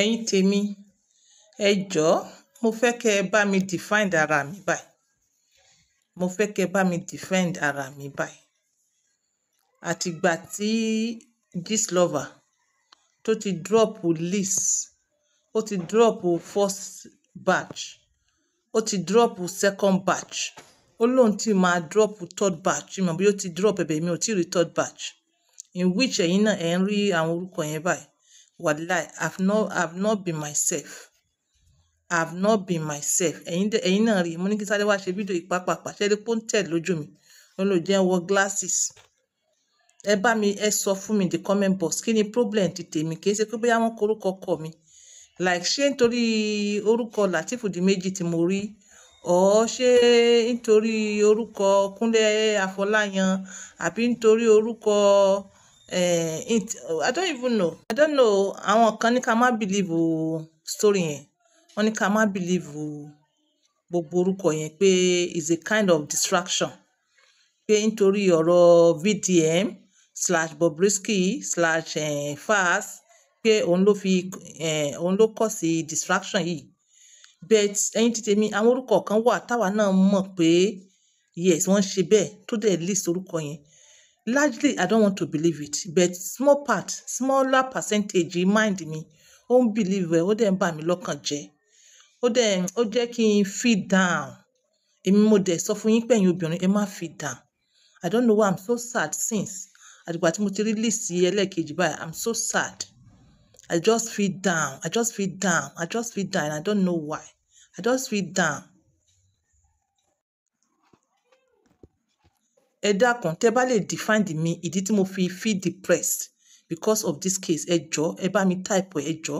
Ẹ̀yin tèmi, ẹ jọ̀ọ́ mo fẹ́ kí ẹ bá mi defend ara mi báyìí. Mo fẹ́ kí ẹ bá mi defend ara mi báyìí. Àti ìgbà tí Gistlover tó ti drop Liz, ó ti drop first batch, ó ti drop second batch, ó lóun tí máa drop third batch. Mi ò mọ̀ bí ó ti drop, but èmi ò tí rí third batch. In which ẹ̀yin náà ẹ̀ ń rí àwọn orúkọ yẹn báyìí wàláì i've not i've not been myself i've not been myself ẹ̀yin dẹ̀ ẹ̀yin náà rí i mo ní kí sáré wá ṣe fídíò ìpápàpà ṣẹ́ni pọ́ńtẹ̀ lójú mi òun ló jẹ́ wọ glasses ẹ bá mi ẹ sọ fún mi the comment box kí ni problem ti tèmi kì í ṣe pé bóyá wọ́n korúkọ kọ mi like ṣé nítorí orúkọ Latifu di méjì tí mo rí or ṣé nítorí orúkọ Kúnlé Afọláyan àbí nítorí orúkọ. Orúkọ eh, it, I don't even know I don't know àwọn kan ní ká má believe story yẹn wọ́n ní ká má believe gbogbo orúkọ yẹn pé is a kind of distraction pé nítorí ọ̀rọ̀ VDM slash Bobrisky slash eh, fas pé òun ló fi eh, òun ló kọ̀ sí distraction yìí bet ẹyin ti tèmi àwọn orúkọ kan wà táwa náà mọ̀ pé yes wọ́n ṣe bẹ́ẹ̀ tó dẹ̀ list orúkọ yẹn largely i don't want to believe it but small part smaller percentage mind me, ó ń believe ẹ ó dẹ̀ ń bà mí lọ́kàn jẹ́ ó dẹ̀ ó jẹ́ kí n feel down èmi mo dẹ̀ sọ fún yín pẹ̀yìn obìnrin ẹ má feel down i don't know why i'm so sad since àdìgbà tí mo ti rí list ẹlẹ́ẹ̀kejì i'm so sad i just feel down i just feel down i just feel down and i don't know why i just feel down ẹ dákun tẹ́ bá lè define mi ìdí tí mo fi feel depressed because of this case ẹ jọ ẹ bá mi type ẹ jọ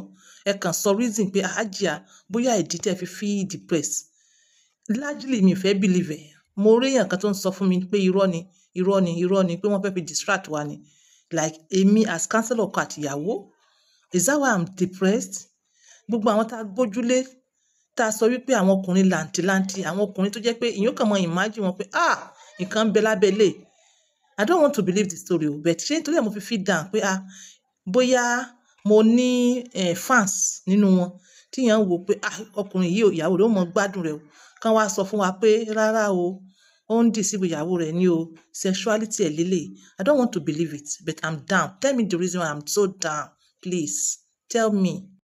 ẹ kàn sọ reason pé àájìá ah, bóyá ìdí tẹ́ fi feel depressed largely mi fẹ́ believe ẹ̀ mo réyàn kan tó ń sọ fún mi pé irọ́ ni irọ́ ni irọ́ ni pé wọ́n fẹ́ fi distract wa ni like èmi as counselor ọkọ àtìyàwó is that why i'm depressed gbogbo àwọn tá a gbójúlé tá a sọ wípé àwọn ọkùnrin làǹtìlanti àwọn ọkùnrin tó jẹ́ pé ìyókàn mọ ìmájì wọn pé ah nǹkan bẹ lábẹ́ ilé. I don't want to believe the story o, but ṣé nítorí ẹ̀ mo fi feel down pé ah, bóyá mo ní eh, fans nínú wọn tí èèyàn ń wò pé ah, ọkùnrin yìí o, ìyàwó rẹ̀ ó mọ gbádùn rẹ̀ o. Kán wá sọ fún wa pé rárá o, ó ń deceive ìyàwó rẹ̀ ni o, sexuality ẹ̀ léléyi. I don't want to believe it, but I'm down. Tell me the reason why I'm so down. Please tell me.